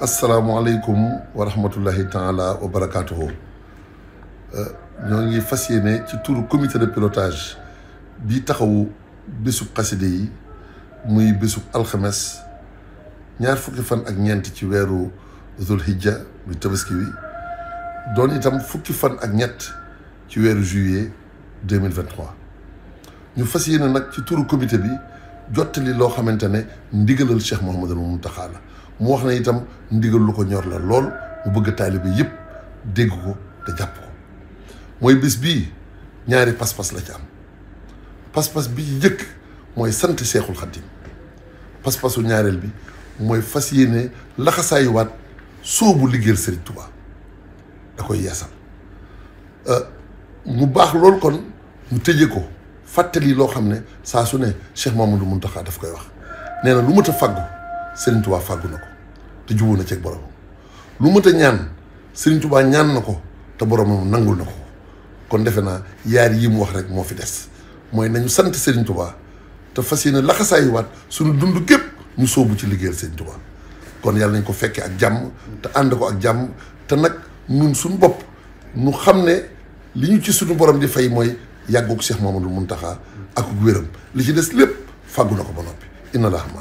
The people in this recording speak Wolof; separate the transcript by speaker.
Speaker 1: asalaamualeykum wa rahmatullahi taala wa barakaatuhu ñoo ngi fas yéene ci tuuru comité de pilotage bi taxawu bésub xaside yi muy bésub alxames ñaar fukki fan ak ñeent ci weeru zulhijja muy tabaski wi doon itam fukki fan ak ñett ci weeru juillet deux mille vingt ñu fas yéene nag ci turu comité bi jottali loo xamante ne ndigalal Cheikh Mouhamadul Mountakha la mu wax na itam ndigal lu ko ñor la lool mu bëgg taalibe yëpp dégg ko te jàpp ko mooy bis bii ñaari pas-pas la ci am pas-pas bi ci jëkk mooy sant seexul xaddim pas-pasu ñaareel bi mooy fas yéene laxasaayuwaat soobu liggéeyal Serigne Touba da koy euh, mu baax loolu kon mu tëje ko fàttali loo xam ne saa su ne Cheikh Mamadou Mountakha daf koy wax nee na lu mat a fàggu Serigne Touba fàggu na ko te jubóo na ceeg borom lu mënta ñaan Serigne Touba ñaan na ko te boromam nangul na ko kon defe naa yaar yi mu wax rek moo fi des mooy nañu sant Serigne Touba te fas ne yéene laxasaayuwaat suñu dund gépp ñu sóobu ci liggéeyal Serigne Touba kon yàlla nañ ko fekkee ak jàmm te ànd ko ak jàmm te nag ñun suñu bopp ñu xam ne li ñu ci suñu borom di fay mooy moom Cheikh mun Mountakha ak wéram li ci des lépp fàggu na ko ba noppi